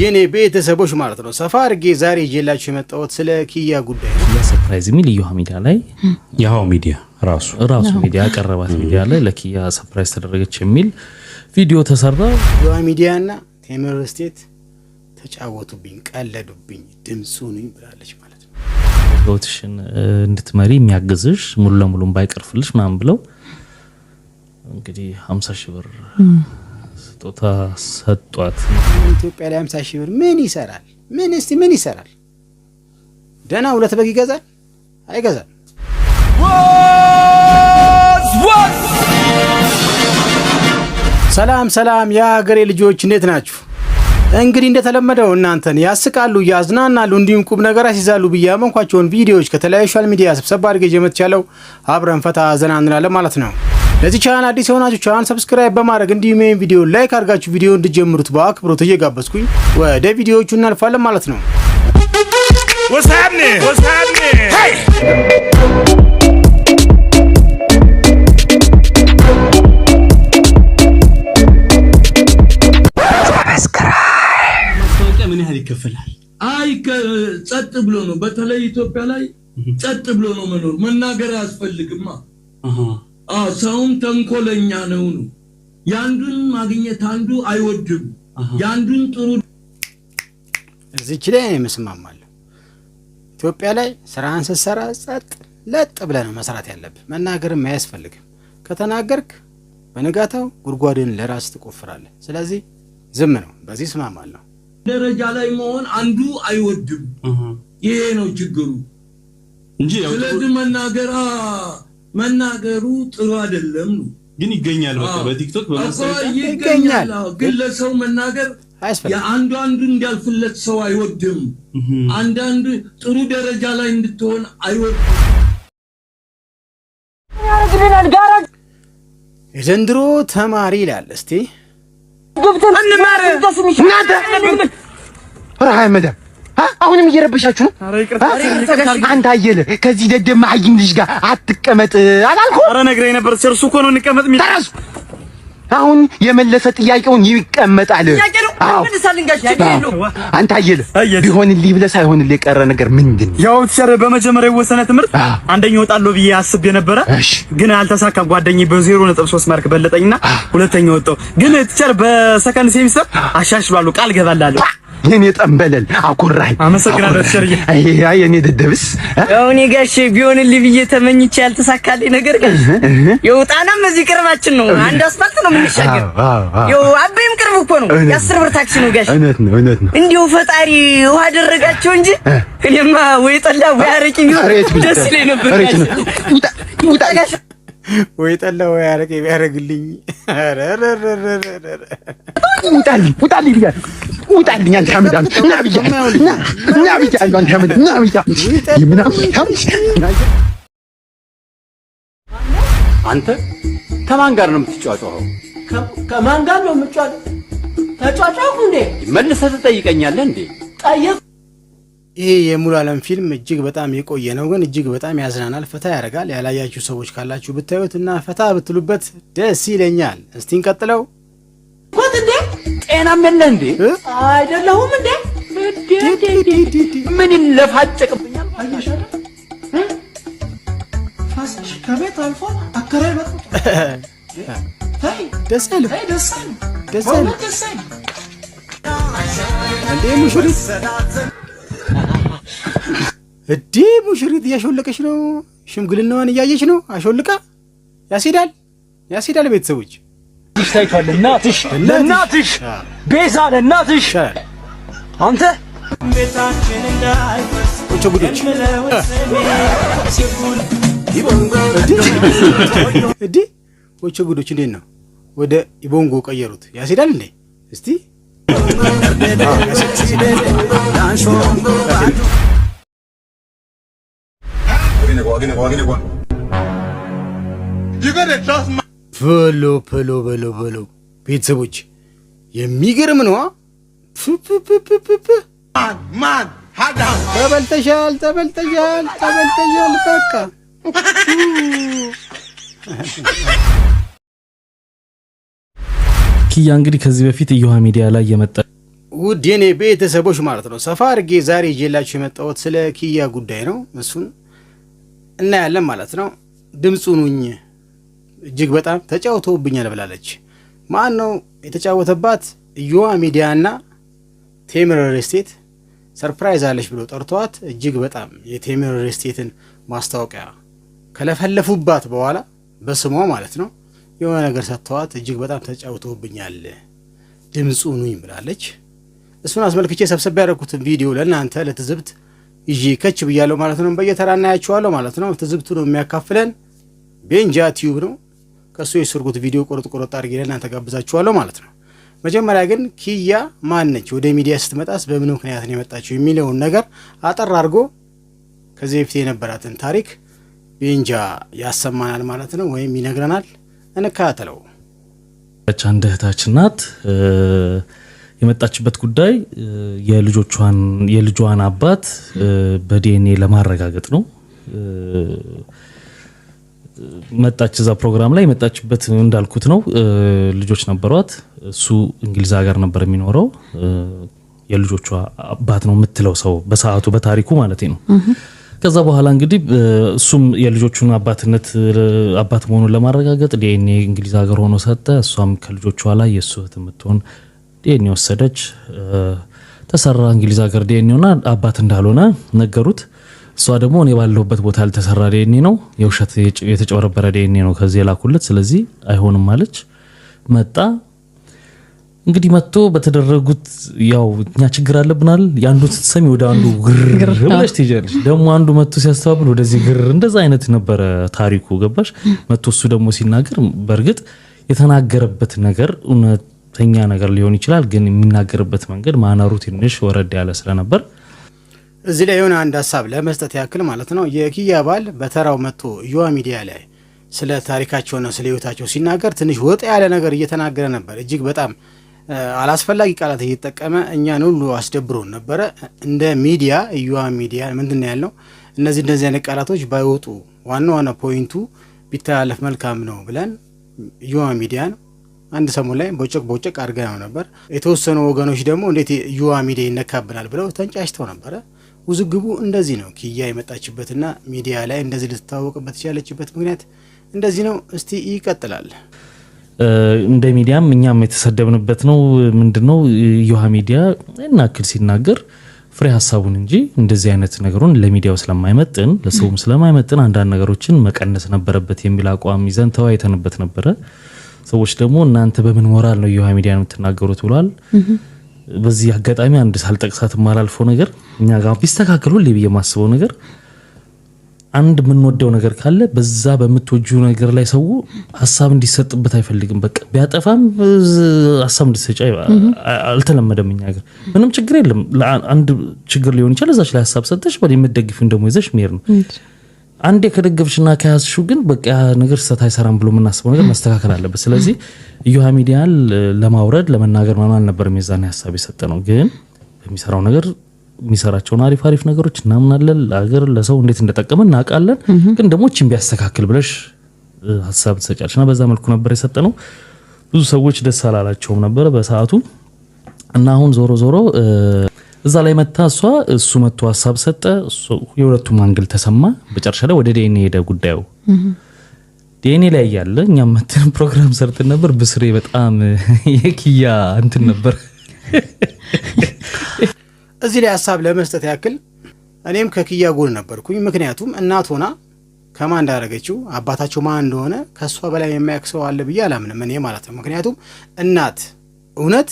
የኔ ቤተሰቦች ማለት ነው። ሰፋ አድርጌ ዛሬ ይዤላችሁ የመጣሁት ስለ ኪያ ጉዳይ ነው። ለሰርፕራይዝም ልዩ ሚዲያ ላይ ያው ሚዲያ ራሱ ራሱ ሚዲያ ያቀረባት ሚዲያ ላይ ለኪያ ሰርፕራይዝ ተደረገች የሚል ቪዲዮ ተሰራ። ሚዲያ እና ቴምር ስቴት ተጫወቱብኝ፣ ቀለዱብኝ፣ ድምፁ ነኝ ብላለች ማለት ነው። ህይወትሽን እንድትመሪ የሚያግዝሽ ሙሉ ለሙሉ ባይቀርፍልሽ ምናምን ብለው እንግዲህ ሀምሳ ሺህ ብር ስጦታ ሰጧት። ኢትዮጵያ ላይ ሀምሳ ሺህ ብር ምን ይሰራል? ምን እስቲ ምን ይሰራል? ደህና ሁለት በግ ይገዛል? አይገዛም። ሰላም ሰላም፣ የሀገሬ ልጆች እንዴት ናችሁ? እንግዲህ እንደተለመደው እናንተን ያስቃሉ፣ ያዝናናሉ እንዲሁም ቁም ነገር አስይዛሉ ብዬ ያመንኳቸውን ቪዲዮዎች ከተለያዩ ሶሻል ሚዲያ ስብሰባ ጀመት መጥቻለሁ። አብረን ፈታ ዘና እንላለን ማለት ነው። ለዚህ ቻናል አዲስ የሆናችሁ ቻናል ሰብስክራይብ በማድረግ እንዲሁም ይህን ቪዲዮ ላይክ አድርጋችሁ ቪዲዮ እንድጀምሩት በአክብሮት እየጋበዝኩኝ ወደ ቪዲዮዎቹ እናልፋለን ማለት ነው። ማስታወቂያ ምን ያህል ይከፈላል? አይ ጸጥ ብሎ ነው። በተለይ ኢትዮጵያ ላይ ጸጥ ብሎ ነው መኖር። መናገር አያስፈልግማ ሰውም ተንኮለኛ ነው ነው። የአንዱን ማግኘት አንዱ አይወድም። የአንዱን ጥሩ እዚች ላይ እኔ ምስማማለሁ። ኢትዮጵያ ላይ ስራህን ስትሰራ ጸጥ ለጥ ብለህ ነው መስራት ያለብህ። መናገርም አያስፈልግም። ከተናገርክ በንጋታው ጉድጓድን ለራስ ትቆፍራለህ። ስለዚህ ዝም ነው። በዚህ እስማማለሁ። ደረጃ ላይ መሆን አንዱ አይወድም። ይሄ ነው ችግሩ እንጂ ስለዚህ መናገር መናገሩ ጥሩ አይደለም ነው ግን ይገኛል። በቃ በቲክቶክ ይገኛል። ግን ለሰው መናገር የአንዱ አንዱ እንዲያልፍለት ሰው አይወድም። አንዳንድ ጥሩ ደረጃ ላይ እንድትሆን አይወድም። የዘንድሮ ተማሪ ይላል። እስቲ ግብትን እንማር እናንተ አሁንም እየረበሻችሁ ነው። አንተ አየለ ከዚህ ደደም መሀይም ልጅ ጋር አትቀመጥ አላልኩ? አረ ነግረኝ ነበር። እርሱ እኮ ነው እንቀመጥ የሚል ተረሱ። አሁን የመለሰ ጥያቄውን ይቀመጣል። አዎ አንተ አየለ ቢሆንልህ ብለህ ሳይሆንልህ የቀረ ነገር ምንድን ነው? ያው ተሰረ በመጀመሪያ የወሰነ ትምህርት አንደኛ እወጣለሁ ብዬ አስቤ የነበረ ግን አልተሳካ። ጓደኛዬ በዜሮ ነጥብ ሦስት ማርክ በለጠኝና ሁለተኛ ወጣሁ። ግን ተሰረ በሰከንድ ሴሚስተር አሻሽላለሁ ቃል እገባላለሁ የኔ ጠንበለል አኮራኝ። አመሰግናለሁ። ሸርዬ አይ የኔ ደደብስ ያው እኔ ጋሽ ቢሆንልኝ ብዬ ተመኝቼ ያልተሳካልኝ ነገር ግን ያው ጣናም እዚህ ቅርባችን ነው፣ አንድ አስፋልት ነው የምንሻገር። ያው አበይም ቅርብ እኮ ነው፣ የአስር ብር ታክሲ ነው ጋሽ። እውነት ነው፣ እውነት ነው። እንዲሁ ፈጣሪ ውሃ አደረጋቸው እንጂ እኔማ ወይ ጠላ ወይ አረቂ ቢሆን ደስ ይለኝ ነበር ጋሽ። ወይ ጠላ ወይ አረቂ ቢያደርግልኝ። ኧረ ኧረ ኧረ ኧረ ውጣልኝ፣ ውጣልኝ ብያለሁ ውጣልኝ አንተ ና ብያለሁ ና ብያለሁ አንተ ና ብያለሁ ምናምን አንተ ከማን ጋር ነው የምትጫጫው ከማን ጋር ነው የምትጫጫው እንዴ መልሰህ ትጠይቀኛለህ እንዴ ጠየቅ ይሄ የሙሉ ዓለም ፊልም እጅግ በጣም የቆየ ነው፣ ግን እጅግ በጣም ያዝናናል፣ ፈታ ያደርጋል። ያላያችሁ ሰዎች ካላችሁ ብታዩት እና ፈታ ብትሉበት ደስ ይለኛል። እስቲ እንቀጥለው። ጤናም የለ እንዴ? አይደለሁም እንዴ? ምን ይለፋጨቅብኛል? አየሻለ ከቤት አልፎ አከራይ ደስ አይልም። ደስ አይልም ሙሽሪት እዲ ሙሽሪት እያሾለቀች ነው። ሽምግልናዋን እያየች ነው። አሾልቃ ያስሄዳል፣ ያስሄዳል ቤተሰቦች እናትሽ ታይቷል። እናትሽ ለእናትሽ ቤዛ ለእናትሽ አንተ ቤታችን እዲ ወቸ ጉዶች እንዴት ነው? ወደ ኢቦንጎ ቀየሩት። ያስሄዳል እንዴ? እስቲ You gotta trust my በሎ በሎ በሎ በሎ ቤተሰቦች የሚገርም ነዋ። ማን ተበልተሻል፣ ተበልተሻል፣ ተበልተሻል። በቃ ኪያ እንግዲህ ከዚህ በፊት እዮሃ ሚዲያ ላይ የመጣ ውድ የኔ ቤተሰቦች ማለት ነው ሰፋ አድርጌ ዛሬ ይዤላችሁ የመጣሁት ስለ ኪያ ጉዳይ ነው። እሱን እናያለን ማለት ነው። ድምፁ ኑኝ እጅግ በጣም ተጫውተውብኛል ብላለች። ማን ነው የተጫወተባት? እዮዋ ሚዲያና ቴምር ሪልስቴት ሰርፕራይዝ አለች ብሎ ጠርተዋት እጅግ በጣም የቴምር ሪልስቴትን ማስታወቂያ ከለፈለፉባት በኋላ በስሟ ማለት ነው የሆነ ነገር ሰጥተዋት እጅግ በጣም ተጫውተውብኛል ድምፁ ኑኝ ብላለች። እሱን አስመልክቼ ሰብሰብ ያደረኩትን ቪዲዮ ለእናንተ ለትዝብት ይዤ ከች ብያለሁ ማለት ነው። በየተራ እናያችኋለሁ ማለት ነው። ትዝብቱ ነው የሚያካፍለን ቤንጃ ቲዩብ ነው። ከእሱ የሰርጉት ቪዲዮ ቆረጥ ቆረጥ አድርጌ ለእናንተ ጋብዛችኋለሁ ማለት ነው። መጀመሪያ ግን ኪያ ነች፣ ወደ ሚዲያ ስትመጣስ በምን ምክንያት ነው የመጣችው የሚለውን ነገር አጠር አድርጎ ከዚህ በፊት የነበራትን ታሪክ ቤንጃ ያሰማናል ማለት ነው፣ ወይም ይነግረናል። እንከታተለው። አንድ እህታችን ናት። የመጣችበት ጉዳይ የልጇን አባት በዲኤንኤ ለማረጋገጥ ነው። መጣች እዛ ፕሮግራም ላይ መጣችበት እንዳልኩት ነው። ልጆች ነበሯት። እሱ እንግሊዝ ሀገር ነበር የሚኖረው። የልጆቿ አባት ነው የምትለው ሰው በሰዓቱ በታሪኩ ማለት ነው። ከዛ በኋላ እንግዲህ እሱም የልጆቹን አባትነት አባት መሆኑን ለማረጋገጥ ዲኤንኤ እንግሊዝ ሀገር ሆኖ ሰጠ። እሷም ከልጆቿ ላይ የእሱ እህት የምትሆን ዲኤንኤ ወሰደች። ተሰራ እንግሊዝ ሀገር ዲኤንኤውና አባት እንዳልሆነ ነገሩት። እሷ ደግሞ እኔ ባለሁበት ቦታ ያልተሰራ ደኔ ነው የውሸት የተጨበረበረ ደኔ ነው ከዚህ የላኩለት ስለዚህ አይሆንም አለች። መጣ እንግዲህ መጥቶ በተደረጉት ያው እኛ ችግር አለብናል። የአንዱ ስትሰሚ ወደ አንዱ ግር ብለሽ ትሄጃለሽ። ደግሞ አንዱ መጥቶ ሲያስተባብል ወደዚህ ግር፣ እንደዛ አይነት ነበረ ታሪኩ ገባሽ። መጥቶ እሱ ደግሞ ሲናገር በእርግጥ የተናገረበት ነገር እውነተኛ ነገር ሊሆን ይችላል፣ ግን የሚናገርበት መንገድ ማነሩ ትንሽ ወረድ ያለ ስለነበር እዚህ ላይ የሆነ አንድ ሀሳብ ለመስጠት ያክል ማለት ነው የኪያ ባል በተራው መጥቶ እዮሃ ሚዲያ ላይ ስለ ታሪካቸውና ስለ ህይወታቸው ሲናገር ትንሽ ወጣ ያለ ነገር እየተናገረ ነበር። እጅግ በጣም አላስፈላጊ ቃላት እየተጠቀመ እኛን ሁሉ አስደብሮን ነበረ። እንደ ሚዲያ እዮሃ ሚዲያ ምንድን ነው ያልነው? እነዚህ እንደዚህ አይነት ቃላቶች ባይወጡ ዋና ዋና ፖይንቱ ቢተላለፍ መልካም ነው ብለን እዮሃ ሚዲያን አንድ ሰሞን ላይ በጭቅ በጭቅ አድርገነው ነበር። የተወሰኑ ወገኖች ደግሞ እንዴት እዮሃ ሚዲያ ይነካብናል ብለው ተንጫጭተው ነበረ። ውዝግቡ እንደዚህ ነው። ኪያ የመጣችበትና ሚዲያ ላይ እንደዚህ ልትታወቅበት የቻለችበት ምክንያት እንደዚህ ነው። እስቲ ይቀጥላል። እንደ ሚዲያም እኛም የተሰደብንበት ነው። ምንድን ነው ዮሃ ሚዲያ እናክል ሲናገር ፍሬ ሀሳቡን እንጂ እንደዚህ አይነት ነገሩን ለሚዲያው ስለማይመጥን ለሰውም ስለማይመጥን አንዳንድ ነገሮችን መቀነስ ነበረበት የሚል አቋም ይዘን ተወያይተንበት ነበረ። ሰዎች ደግሞ እናንተ በምን ሞራል ነው ዮሃ ሚዲያ ነው የምትናገሩት ብሏል። በዚህ አጋጣሚ አንድ ሳልጠቅሳት የማላልፈው ነገር እኛ ጋር ቢስተካከል ሁሌ ብዬ የማስበው ነገር አንድ የምንወደው ነገር ካለ በዛ በምትወጁ ነገር ላይ ሰው ሀሳብ እንዲሰጥበት አይፈልግም። በቃ ቢያጠፋም ሀሳብ እንዲሰጭ አልተለመደም። እኛ ሀገር ምንም ችግር የለም። አንድ ችግር ሊሆን ይችላል። እዛች ላይ ሀሳብ ሰጠች፣ የምትደግፊውን ደግሞ ይዘሽ መሄድ ነው። አንዴ ከደገብሽና ከያዝሹ ግን በቃ ነገር ስህተት አይሰራም ብሎ የምናስበው ነገር መስተካከል አለበት። ስለዚህ እዮሃ ሚዲያን ለማውረድ ለመናገር ምናምን አልነበረም የዛን ሀሳብ የሰጠ ነው። ግን በሚሰራው ነገር የሚሰራቸውን አሪፍ አሪፍ ነገሮች እናምናለን። ለሀገር ለሰው እንዴት እንደጠቀመ እናውቃለን። ግን ደግሞ ችን ቢያስተካክል ብለሽ ሀሳብ ትሰጫለሽ እና በዛ መልኩ ነበር የሰጠ ነው። ብዙ ሰዎች ደስ አላላቸውም ነበረ በሰዓቱ እና አሁን ዞሮ ዞሮ እዛ ላይ መታ እሷ እሱ መጥቶ ሀሳብ ሰጠ፣ የሁለቱም አንግል ተሰማ። መጨረሻ ላይ ወደ ዴኔ ሄደ ጉዳዩ። ዴኔ ላይ እያለ እኛም መትን ፕሮግራም ሰርትን ነበር። ብስሬ በጣም የክያ እንትን ነበር። እዚህ ላይ ሀሳብ ለመስጠት ያክል እኔም ከክያ ጎን ነበርኩኝ። ምክንያቱም እናት ሆና ከማ እንዳደረገችው አባታቸው ማን እንደሆነ ከእሷ በላይ የሚያክሰው አለ ብዬ አላምንም እኔ ማለት ነው። ምክንያቱም እናት እውነት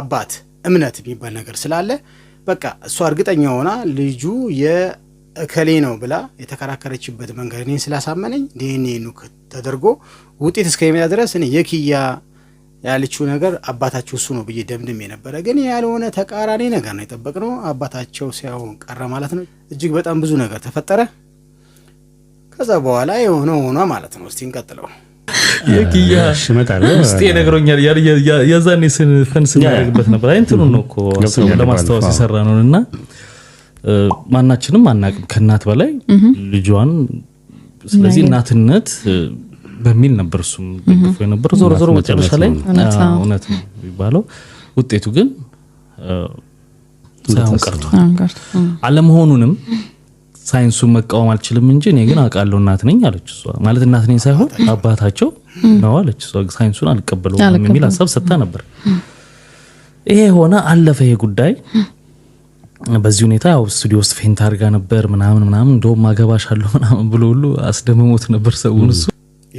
አባት እምነት የሚባል ነገር ስላለ በቃ እሷ እርግጠኛ ሆና ልጁ የእከሌ ነው ብላ የተከራከረችበት መንገድ እኔን ስላሳመነኝ ዲኤንኤ ኑክ ተደርጎ ውጤት እስከሚመጣ ድረስ እኔ የኪያ ያለችው ነገር አባታቸው እሱ ነው ብዬ ደምድም የነበረ ግን ያልሆነ ተቃራኒ ነገር ነው የጠበቅነው። አባታቸው ሲያሆን ቀረ ማለት ነው። እጅግ በጣም ብዙ ነገር ተፈጠረ። ከዛ በኋላ የሆነ ሆኗ ማለት ነው። እስቲ እንቀጥለው። የኪያ ውስጤ ነግሮኛል። የዛኔ ስንፈን ስናደርግበት ነበር። አይ ነው እኮ ለማስታወስ የሰራ ነውን እና ማናችንም አናቅም ከእናት በላይ ልጇን። ስለዚህ እናትነት በሚል ነበር እሱም ደግፎ የነበር። ዞሮ ዞሮ መጨረሻ ላይ እውነት ነው የሚባለው ውጤቱ ግን ሳይሆን ቀርቷል አለመሆኑንም ሳይንሱን መቃወም አልችልም እንጂ እኔ ግን አውቃለሁ እናት ነኝ አለች እሷ። ማለት እናት ነኝ ሳይሆን አባታቸው ነው አለች እሷ። ሳይንሱን አልቀበለውም የሚል ሀሳብ ሰጥታ ነበር። ይሄ ሆነ አለፈ ይሄ ጉዳይ። በዚህ ሁኔታ ያው ስቱዲዮ ውስጥ ፌንት አድርጋ ነበር ምናምን ምናምን፣ እንደውም አለሁ ምናምን ብሎ ሁሉ አስደምሞት ነበር ሰውን። እሱ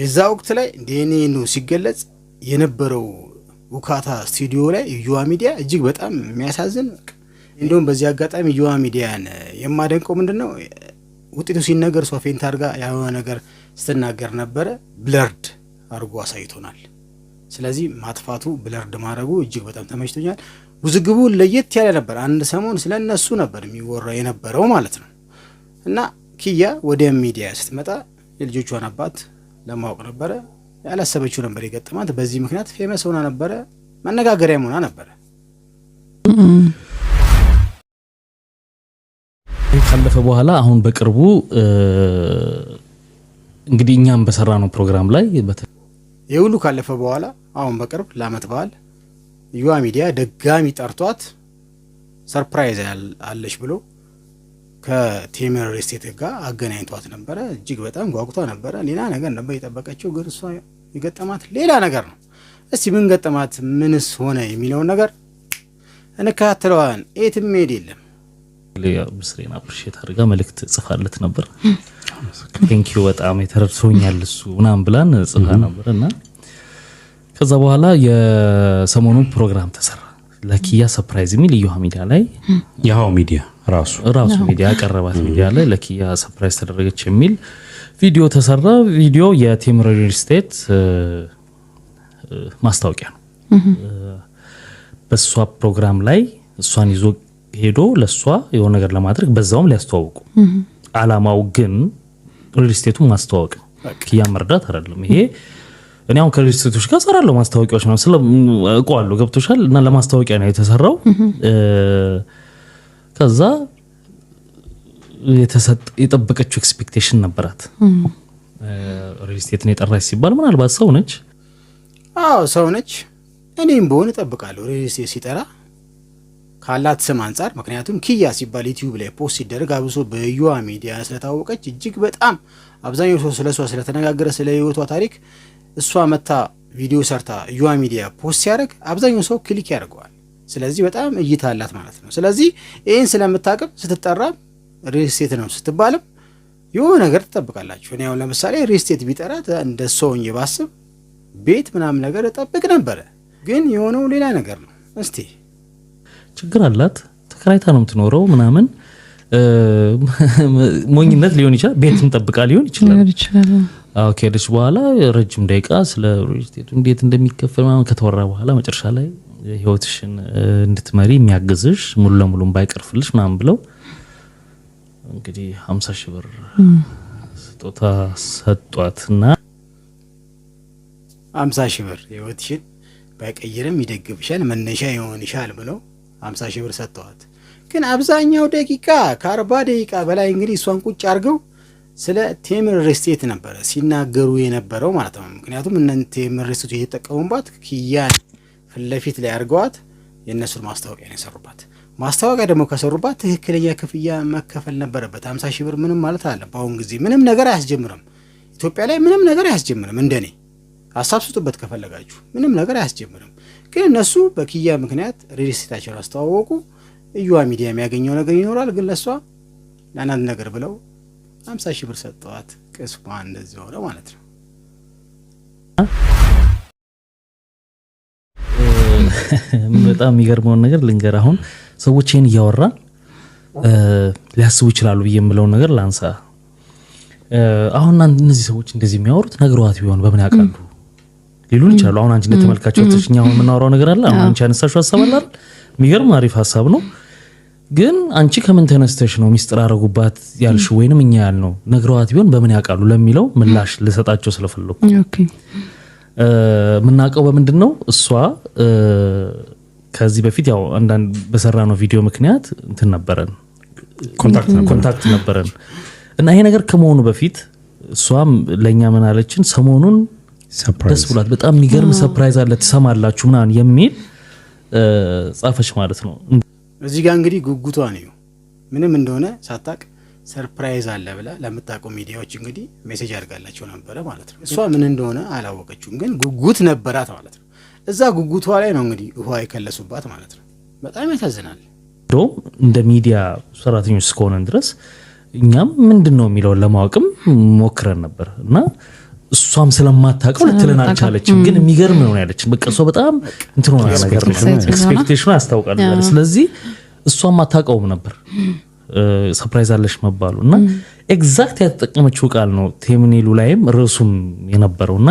የዛ ወቅት ላይ እንደኔ ሲገለጽ የነበረው ውካታ ስቱዲዮ ላይ ዩዋ ሚዲያ እጅግ በጣም የሚያሳዝን እንዲሁም በዚህ አጋጣሚ ዩዋ ሚዲያን የማደንቀው ምንድን ነው ውጤቱ ሲነገር እሷ ፌንት አድርጋ የሆነ ነገር ስትናገር ነበረ ብለርድ አድርጎ አሳይቶናል። ስለዚህ ማጥፋቱ ብለርድ ማድረጉ እጅግ በጣም ተመችቶኛል። ውዝግቡ ለየት ያለ ነበር። አንድ ሰሞን ስለ እነሱ ነበር የሚወራ የነበረው ማለት ነው እና ኪያ ወደ ሚዲያ ስትመጣ የልጆቿን አባት ለማወቅ ነበረ ያላሰበችው ነበር የገጠማት። በዚህ ምክንያት ፌመስ ሆና ነበረ፣ መነጋገሪያም ሆና ነበረ። ካለፈ በኋላ አሁን በቅርቡ እንግዲህ እኛም በሰራ ነው ፕሮግራም ላይ ይህ ሁሉ ካለፈ በኋላ አሁን በቅርብ ለአመት በዓል ዩዋ ሚዲያ ደጋሚ ጠርቷት ሰርፕራይዝ አለች ብሎ ከቴምር ስቴት ጋር አገናኝቷት ነበረ። እጅግ በጣም ጓጉቷ ነበረ። ሌላ ነገር ነበር የጠበቀችው፣ ግን እሷ የገጠማት ሌላ ነገር ነው። እስቲ ምን ገጠማት፣ ምንስ ሆነ የሚለውን ነገር እንከታተለዋለን። የትም መሄድ የለም። ምስሬን አፕሪሼት አድርጋ መልእክት ጽፋለት ነበር። ቴንኪዩ በጣም የተረድሶኛል እሱ ምናምን ብላን ጽፋ ነበር እና ከዛ በኋላ የሰሞኑ ፕሮግራም ተሰራ። ለኪያ ሰፕራይዝ የሚል እዮሃ ሚዲያ ላይ የሃው ሚዲያ ራሱ ራሱ ሚዲያ ያቀረባት ሚዲያ ላይ ለኪያ ሰፕራይዝ ተደረገች የሚል ቪዲዮ ተሰራ። ቪዲዮ የቴምር ሪል ስቴት ማስታወቂያ ነው። በእሷ ፕሮግራም ላይ እሷን ይዞ ሄዶ ለእሷ የሆነ ነገር ለማድረግ በዛውም ሊያስተዋውቁ፣ አላማው ግን ሪልስቴቱ ማስተዋወቅ ክያ መርዳት አይደለም። ይሄ እኔ አሁን ከሪልስቴቶች ጋር ሰራለሁ ማስታወቂያዎች እቆዋለሁ፣ ገብቶሻል። እና ለማስታወቂያ ነው የተሰራው። ከዛ የጠበቀችው ኤክስፔክቴሽን ነበራት። ሪልስቴትን የጠራች ሲባል ምናልባት ሰው ነች፣ አዎ ሰው ነች። እኔም በሆን እጠብቃለሁ ሪልስቴት ሲጠራ ካላት ስም አንጻር ምክንያቱም ኪያ ሲባል ዩቲዩብ ላይ ፖስት ሲደረግ አብሶ በዩዋ ሚዲያ ስለታወቀች እጅግ በጣም አብዛኛው ሰው ስለ እሷ ስለተነጋገረ ስለ ህይወቷ ታሪክ እሷ መታ ቪዲዮ ሰርታ ዩዋ ሚዲያ ፖስት ሲያደርግ አብዛኛው ሰው ክሊክ ያደርገዋል። ስለዚህ በጣም እይታ አላት ማለት ነው። ስለዚህ ይህን ስለምታቅም ስትጠራም ሪልስቴት ነው ስትባልም የሆነ ነገር ትጠብቃላችሁ። እኔ አሁን ለምሳሌ ሪልስቴት ቢጠራት እንደ ሰውኝ ባስብ ቤት ምናምን ነገር እጠብቅ ነበረ፣ ግን የሆነው ሌላ ነገር ነው እስቲ ችግር አላት፣ ተከራይታ ነው የምትኖረው ምናምን ሞኝነት ሊሆን ይችላል። ቤትም ጠብቃ ሊሆን ይችላል። ከሄደች በኋላ ረጅም ደቂቃ ስለ ሪልስቴቱ እንዴት እንደሚከፈል ምናምን ከተወራ በኋላ መጨረሻ ላይ ህይወትሽን እንድትመሪ የሚያግዝሽ ሙሉ ለሙሉ ባይቀርፍልሽ ምናምን ብለው እንግዲህ ሀምሳ ሺህ ብር ስጦታ ሰጧት እና ሀምሳ ሺህ ብር ህይወትሽን ባይቀይርም ይደግፍሻል መነሻ ይሆንሻል ብለው 50 ሺህ ብር ሰጥተዋት ግን አብዛኛው ደቂቃ ከአርባ ደቂቃ በላይ እንግዲህ እሷን ቁጭ አድርገው ስለ ቴምር ሬስቴት ነበረ ሲናገሩ የነበረው ማለት ነው። ምክንያቱም እነን ቴምር ሬስቴቱ የተጠቀሙባት ክያን ፊት ላይ አድርገዋት የእነሱን ማስታወቂያ ነው የሰሩባት። ማስታወቂያ ደግሞ ከሰሩባት ትክክለኛ ክፍያ መከፈል ነበረበት። ሀምሳ ሺህ ብር ምንም ማለት አለ በአሁን ጊዜ ምንም ነገር አያስጀምርም። ኢትዮጵያ ላይ ምንም ነገር አያስጀምርም። እንደኔ ሀሳብ ስጡበት ከፈለጋችሁ ምንም ነገር አያስጀምርም። ግን እነሱ በኪያ ምክንያት ሪል አስተዋወቁ። እዩዋ ሚዲያ የሚያገኘው ነገር ይኖራል። ግን ለእሷ ለአንዳንድ ነገር ብለው ሀምሳ ሺህ ብር ሰጠዋት። ቅስሟ እንደዚህ ሆነ ማለት ነው። በጣም የሚገርመውን ነገር ልንገር። አሁን ሰዎች ይህን እያወራን ሊያስቡ ይችላሉ ብዬ የምለውን ነገር ላንሳ። አሁን እነዚህ ሰዎች እንደዚህ የሚያወሩት ነግረዋት ቢሆን በምን ያውቃሉ? ሊሉን ይችላሉ። አሁን አንቺ እንደተመልካቸው ትሽኛ አሁን የምናወራው ነገር አለ። አሁን አንቺ ያነሳሽው ሀሳብ አለ አይደል? የሚገርም አሪፍ ሀሳብ ነው። ግን አንቺ ከምን ተነስተሽ ነው ሚስጥር አረጉባት ያልሽ ወይንም እኛ ያልነው ነግረዋት ቢሆን በምን ያውቃሉ ለሚለው ምላሽ ልሰጣቸው ስለፈለኩ የምናውቀው በምንድን ነው እሷ ከዚህ በፊት ያው አንዳንድ በሰራ ነው ቪዲዮ ምክንያት እንትን ነበረን ኮንታክት ነበረን እና ይሄ ነገር ከመሆኑ በፊት እሷም ለእኛ አለችን ሰሞኑን ደስ ብሏት በጣም የሚገርም ሰፕራይዝ አለ ትሰማላችሁ ምናምን የሚል ጻፈች ማለት ነው። እዚህ ጋር እንግዲህ ጉጉቷ ነው ምንም እንደሆነ ሳታቅ ሰርፕራይዝ አለ ብላ ለምታውቀው ሚዲያዎች እንግዲህ ሜሴጅ አድርጋላቸው ነበረ ማለት ነው። እሷ ምን እንደሆነ አላወቀችውም፣ ግን ጉጉት ነበራት ማለት ነው። እዛ ጉጉቷ ላይ ነው እንግዲህ ውሃ የከለሱባት ማለት ነው። በጣም ያሳዝናል። እንደውም እንደ ሚዲያ ሰራተኞች እስከሆነን ድረስ እኛም ምንድን ነው የሚለውን ለማወቅም ሞክረን ነበር እና እሷም ስለማታውቀው ልትለን አልቻለችም። ግን የሚገርም ነው ያለች በቃ እሷ በጣም እንትን ሆና ነገር ኤክስፔክቴሽኑ ያስታውቃል። ስለዚህ እሷም አታውቀውም ነበር ሰፕራይዝ አለሽ መባሉ እና ኤግዛክት ያተጠቀመችው ቃል ነው። ቴምኔሉ ላይም ርዕሱም የነበረው እና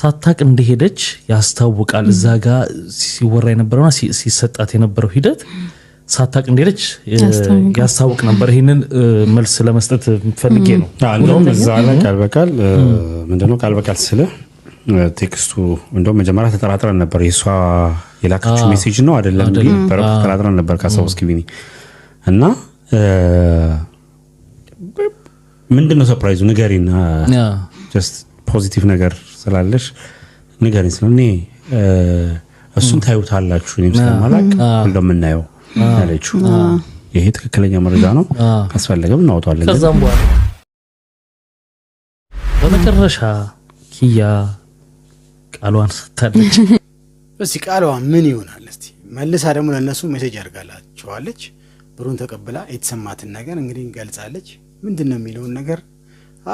ሳታቅ እንደሄደች ያስታውቃል። እዛ ጋ ሲወራ የነበረውና ሲሰጣት የነበረው ሂደት ሳታቅ እንደለች ያስታውቅ ነበር። ይህንን መልስ ለመስጠት ፈልጌ ነው። እንደውም እዛ ላይ ቃል በቃል ምንድነው ቃል በቃል ስለ ቴክስቱ እንደውም መጀመሪያ ተጠራጥረን ነበር። የእሷ የላከችው ሜሴጅ ነው አይደለም በረቱ ተጠራጥረን ነበር። ካሳውስ እስኪቢኒ እና ምንድነው ሰፕራይዙ ንገሪን፣ ፖዚቲቭ ነገር ስላለሽ ንገሪን ስለ እሱን ታዩታላችሁ ስለማላቅ እንደምናየው አለችው። ይሄ ትክክለኛ መረጃ ነው፣ ካስፈለገም እናወጣዋለን። ከዛም በኋላ በመጨረሻ ኪያ ቃሏን ሰጥታለች። እስቲ ቃሏ ምን ይሆናል? እስቲ መልሳ ደግሞ ለእነሱ ሜሴጅ አድርጋላቸዋለች። ብሩን ተቀብላ የተሰማትን ነገር እንግዲህ ገልጻለች። ምንድን ነው የሚለውን ነገር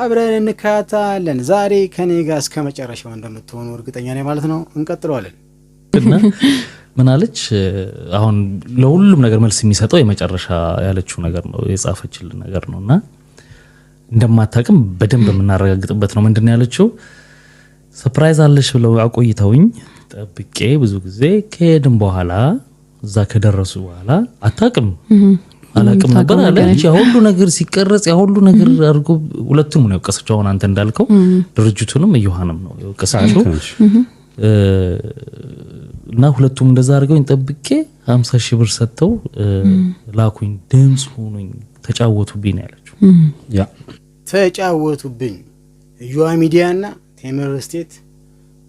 አብረን እንካታለን። ዛሬ ከኔ ጋር እስከ መጨረሻው እንደምትሆኑ እርግጠኛ ነኝ ማለት ነው። እንቀጥለዋለን። ምናለች አሁን ለሁሉም ነገር መልስ የሚሰጠው የመጨረሻ ያለችው ነገር ነው የጻፈችልን ነገር ነው እና እንደማታቅም በደንብ የምናረጋግጥበት ነው። ምንድን ያለችው ሰፕራይዝ አለሽ ብለው አቆይተውኝ ጠብቄ ብዙ ጊዜ ከሄድን በኋላ እዛ ከደረሱ በኋላ አታቅም አላቅም ነበር አለች። ሁሉ ነገር ሲቀረጽ ሁሉ ነገር አድርጎ ሁለቱንም ነው የወቀሰችው። አሁን አንተ እንዳልከው ድርጅቱንም እዮሃንም ነው የወቀሰችው። እና ሁለቱም እንደዛ አድርገውኝ ጠብቄ ሀምሳ ሺህ ብር ሰጥተው ላኩኝ። ድምፅ ሆኖኝ ተጫወቱብኝ ነው ያ ተጫወቱብኝ ሚዲያ ሚዲያና ቴምር ስቴት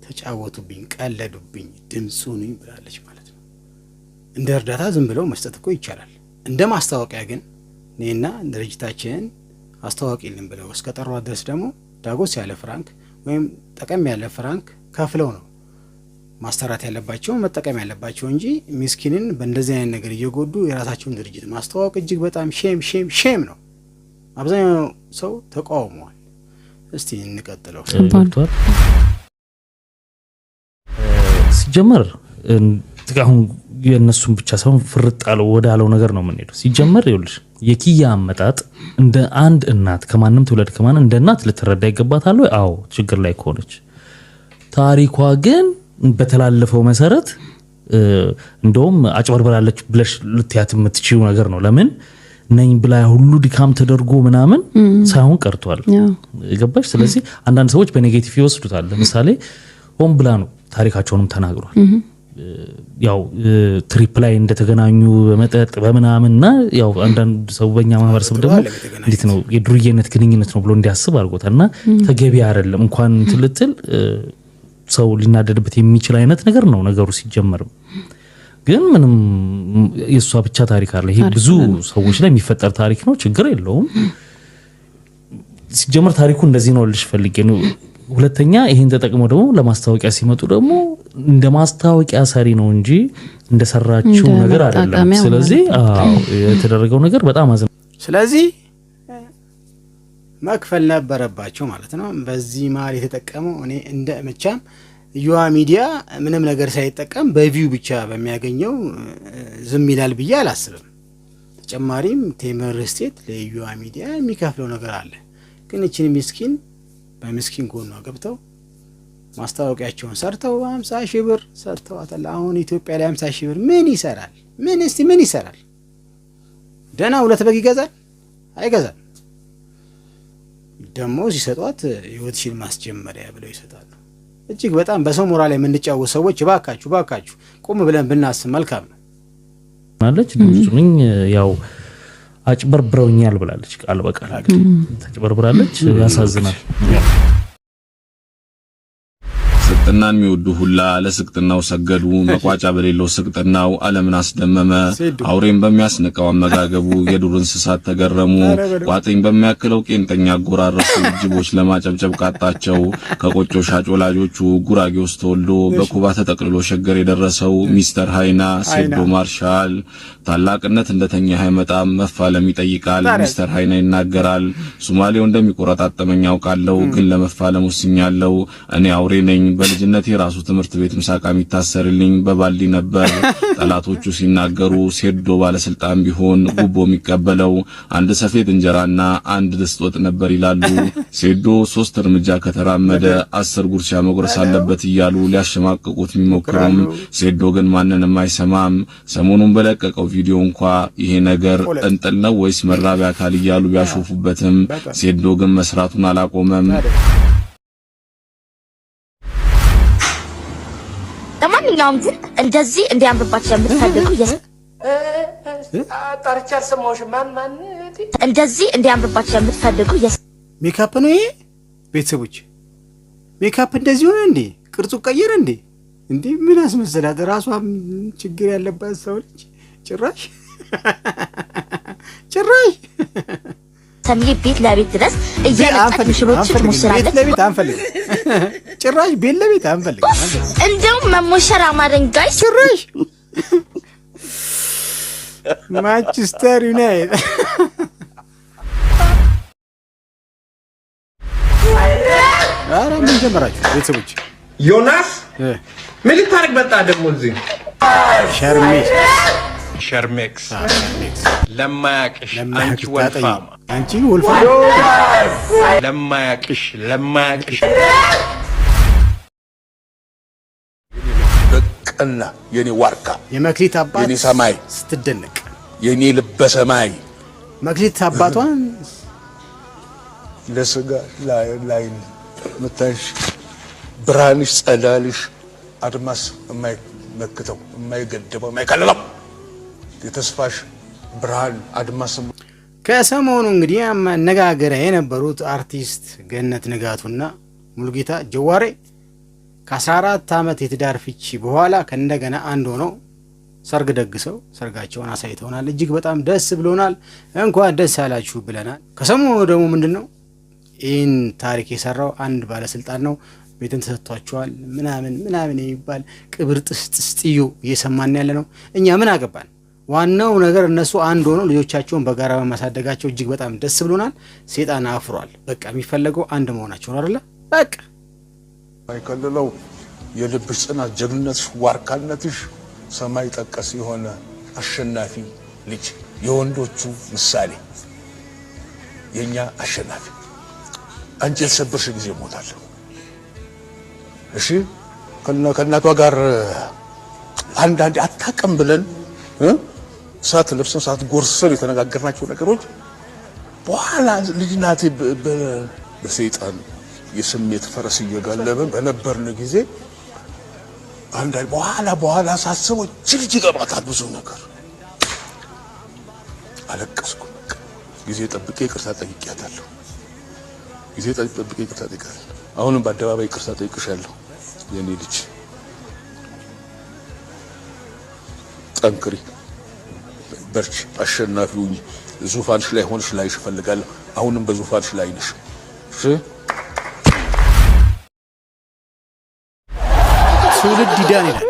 ተጫወቱብኝ፣ ቀለዱብኝ፣ ድምፅ ሆኑኝ ብላለች ማለት ነው። እንደ እርዳታ ዝም ብለው መስጠት እኮ ይቻላል። እንደ ማስታወቂያ ግን እኔና ድርጅታችንን አስተዋውቂልን ብለው እስከ ጠሯት ድረስ ደግሞ ዳጎስ ያለ ፍራንክ ወይም ጠቀም ያለ ፍራንክ ከፍለው ነው ማሰራት ያለባቸው መጠቀም ያለባቸው እንጂ ሚስኪንን በእንደዚህ አይነት ነገር እየጎዱ የራሳቸውን ድርጅት ማስተዋወቅ እጅግ በጣም ሼም ሼም ሼም ነው። አብዛኛው ሰው ተቃውሟል። እስቲ እንቀጥለው። ሲጀመር አሁን የእነሱን ብቻ ሳይሆን ፍርጥ አለው ወደ አለው ነገር ነው የምንሄደው። ሲጀመር ይኸውልሽ የኪያ አመጣጥ እንደ አንድ እናት ከማንም ትውለድ ከማን እንደ እናት ልትረዳ ይገባታል። አዎ ችግር ላይ ከሆነች ታሪኳ ግን በተላለፈው መሰረት እንደውም አጭበርበራለች ብለሽ ልትያት የምትችሉ ነገር ነው። ለምን ነኝ ብላ ሁሉ ድካም ተደርጎ ምናምን ሳይሆን ቀርቷል። ገባሽ? ስለዚህ አንዳንድ ሰዎች በኔጌቲቭ ይወስዱታል። ለምሳሌ ሆን ብላ ነው ታሪካቸውንም ተናግሯል። ያው ትሪፕ ላይ እንደተገናኙ በመጠጥ በምናምንና ያው አንዳንድ ሰው በኛ ማህበረሰብ ደግሞ እንዴት ነው የዱርዬነት ግንኙነት ነው ብሎ እንዲያስብ አድርጎታል። እና ተገቢ አይደለም እንኳን ትልትል ሰው ሊናደድበት የሚችል አይነት ነገር ነው ነገሩ ሲጀመርም። ግን ምንም የእሷ ብቻ ታሪክ አለ። ይሄ ብዙ ሰዎች ላይ የሚፈጠር ታሪክ ነው። ችግር የለውም። ሲጀመር ታሪኩ እንደዚህ ነው ልሽ ፈልጌ ነው። ሁለተኛ ይሄን ተጠቅመው ደግሞ ለማስታወቂያ ሲመጡ ደግሞ እንደ ማስታወቂያ ሰሪ ነው እንጂ እንደሰራችው ነገር አይደለም። ስለዚህ የተደረገው ነገር በጣም አዝነ ስለዚህ መክፈል ነበረባቸው ማለት ነው። በዚህ መሀል የተጠቀመው እኔ እንደ መቻም ዩዋ ሚዲያ ምንም ነገር ሳይጠቀም በቪው ብቻ በሚያገኘው ዝም ይላል ብዬ አላስብም። ተጨማሪም ቴምር ስቴት ለዩዋ ሚዲያ የሚከፍለው ነገር አለ። ግን እችን ምስኪን በምስኪን ጎኗ ገብተው ማስታወቂያቸውን ሰርተው ሀምሳ ሺህ ብር ሰርተዋታል። አሁን ኢትዮጵያ ላይ ሀምሳ ሺህ ብር ምን ይሰራል? ምን እስቲ ምን ይሰራል? ደህና ሁለት በግ ይገዛል? አይገዛም። ደግሞ ሲሰጧት ህይወትሽን ማስጀመሪያ ብለው ይሰጣሉ። እጅግ በጣም በሰው ሞራል ላይ የምንጫወት ሰዎች እባካችሁ እባካችሁ ቁም ብለን ብናስብ መልካም ነው ማለች ነኝ። ያው አጭበርብረውኛል ብላለች፣ ቃል በቃል አጭበርብራለች። ያሳዝናል። ስቅጥናን የሚወዱ ሁላ ለስቅጥናው ሰገዱ። መቋጫ በሌለው ስቅጥናው ዓለምን አስደመመ። አውሬን በሚያስነቀው አመጋገቡ የዱር እንስሳት ተገረሙ። ቋጥኝ በሚያክለው ቄንጠኛ አጎራረሱ ጅቦች ለማጨብጨብ ቃጣቸው። ከቆጮ ሻጭ ወላጆቹ ጉራጌ ውስጥ ተወልዶ በኩባ ተጠቅልሎ ሸገር የደረሰው ሚስተር ሃይና ሴዶ ማርሻል ታላቅነት እንደተኛ ሃይመጣም መፋለም ይጠይቃል። ሚስተር ሃይና ይናገራል። ሱማሌው እንደሚቆረጣጠመኝ አውቃለሁ፣ ግን ለመፋለም ወስኛለሁ። እኔ አውሬ ነኝ በልጅነቴ ራሱ ትምህርት ቤት ምሳቃ የሚታሰርልኝ በባሊ ነበር። ጠላቶቹ ሲናገሩ ሴዶ ባለስልጣን ቢሆን ጉቦ የሚቀበለው አንድ ሰፌድ እንጀራና አንድ ድስት ወጥ ነበር ይላሉ። ሴዶ ሶስት እርምጃ ከተራመደ አስር ጉርሻ መጉረስ አለበት እያሉ ሊያሸማቅቁት የሚሞክሩም ሴዶ ግን ማንንም አይሰማም። ሰሞኑን በለቀቀው ቪዲዮ እንኳ ይሄ ነገር ጥንጥል ነው ወይስ መራቢያ አካል እያሉ ቢያሾፉበትም ሴዶ ግን መስራቱን አላቆመም። ምናምን ግን እንደዚህ እንዲያምርባት የምታደርገው የ ጠርቻ አልሰማሁሽም። ማን ማን እንደዚህ እንዲያምርባት የምትፈልገው የ ሜካፕ ነው ይሄ። ቤተሰቦች ሜካፕ እንደዚህ ሆነ እንዴ? ቅርጹ ቀየረ እንዴ? እንዴ ምን አስመሰላት? ራሷ ችግር ያለባት ሰው ልጅ ጭራሽ ጭራሽ ሰሚዬ ቤት ለቤት ድረስ እያመጣች ሙሽሮችን ሙሽራለች። ቤት ጭራሽ ቤት ለቤት አንፈልግ። እንደውም መሞሸር አማረኝ ጋይስ፣ ጭራሽ ማንቸስተር ዩናይትድ ምን ጀመራችሁ ቤተሰቦች? ዮናስ ምን ልታደርግ መጣህ ደግሞ እዚህ ሸርሜ ሸርሜክስ ah. ለማያቅሽ አንቺ ወልፋማ አንቺ ወልፋማ ለማያቅሽ ለማያቅሽ በቀና የኔ ዋርካ የመክሊት አባት የኔ ሰማይ ስትደነቅ የኔ ልበሰማይ መክሊት አባቷን ለስጋ ላይን ምታሽ ብርሃንሽ ጸዳልሽ አድማስ የማይመክተው የማይገድበው የማይከልለው የተስፋሽ ብርሃን አድማስ ከሰሞኑ እንግዲህ መነጋገሪያ የነበሩት አርቲስት ገነት ንጋቱና ሙሉጌታ ጀዋሬ ከ14 ዓመት የትዳር ፍቺ በኋላ ከእንደገና አንድ ሆነው ሰርግ ደግሰው ሰርጋቸውን አሳይተውናል። እጅግ በጣም ደስ ብሎናል። እንኳን ደስ አላችሁ ብለናል። ከሰሞኑ ደግሞ ምንድን ነው ይህን ታሪክ የሰራው አንድ ባለስልጣን ነው። ቤትን ተሰጥቷቸዋል ምናምን ምናምን የሚባል ቅብር ጥስጥስጥዮ እየሰማን ያለ ነው። እኛ ምን አገባን? ዋናው ነገር እነሱ አንድ ሆነው ልጆቻቸውን በጋራ በማሳደጋቸው እጅግ በጣም ደስ ብሎናል። ሴጣን አፍሯል። በቃ የሚፈለገው አንድ መሆናቸው ነው አይደለ? በቃ አይከልለው። የልብሽ ጽናት፣ ጀግንነትሽ፣ ዋርካነትሽ ሰማይ ጠቀስ የሆነ አሸናፊ ልጅ፣ የወንዶቹ ምሳሌ፣ የእኛ አሸናፊ። አንቺ የተሰበርሽ ጊዜ ሞታለሁ። እሺ ከእናቷ ጋር አንዳንዴ አታውቅም ብለን ሳት ለብሰን ሳት ጎርሰን የተነጋገርናቸው ነገሮች በኋላ ልጅናቴ በሰይጣን የስሜት ፈረስ እየጋለብን በነበርን ጊዜ አንዳንድ በኋላ በኋላ ሳስበው ችልጅ ይገባታል ብዙ ነገር አለቀስኩ። ጊዜ ጠብቄ ይቅርታ ጠይቄያታለሁ። ጊዜ ጠብቄ ይቅርታ ጠይቄያታለሁ። አሁንም በአደባባይ ይቅርታ ጠይቅሻለሁ። የኔ ልጅ ጠንክሪ በርቺ፣ አሸናፊ ሁኚ። ዙፋንሽ ላይ ሆንሽ ላይሽ እፈልጋለሁ። አሁንም በዙፋንሽ ላይ ነሽ። ትውልድ ይዳን ይላል።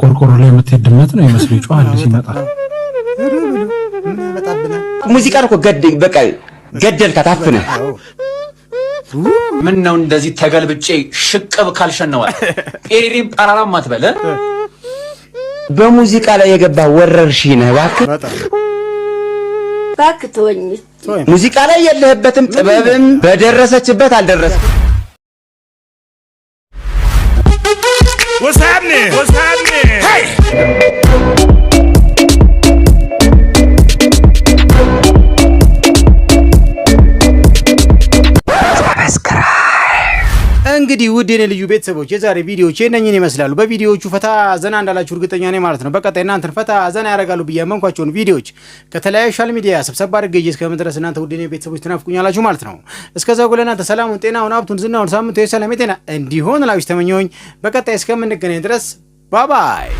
ቆርቆሮ ላይ የምትሄድ ድመት ነው የመስለኝ። ጨዋ ሲመጣ ሙዚቃን እኮ ገድ በቃ ገደል ካታፍነ ምን ነው እንደዚህ ተገልብጬ ሽቅብ ካልሸነዋል ኤሪሪም ጳራራም አትበለ በሙዚቃ ላይ የገባ ወረርሽኝ ነህ። እባክህ እባክህ ተወኝ። ሙዚቃ ላይ የለህበትም፣ ጥበብም በደረሰችበት አልደረስም። What's happening? What's happening? Hey! እንግዲህ ውድ የኔ ልዩ ቤተሰቦች የዛሬ ቪዲዮዎች የነኝን ይመስላሉ። በቪዲዮዎቹ ፈታ ዘና እንዳላችሁ እርግጠኛ ነኝ ማለት ነው። በቀጣይ እናንተን ፈታ ዘና ያደርጋሉ ብዬ ያመንኳቸውን ቪዲዮዎች ከተለያዩ ሶሻል ሚዲያ ሰብሰባ አድርጌ እስከምድረስ እናንተ ውድ የኔ ቤተሰቦች ትናፍቁኛላችሁ ማለት ነው። እስከዛ ጎለ እናንተ ሰላሙን፣ ጤናውን፣ ሀብቱን፣ ዝናውን ሳምንቱ የሰላም የጤና እንዲሆን ላዊች ተመኘሁኝ። በቀጣይ እስከምንገናኝ ድረስ ባባይ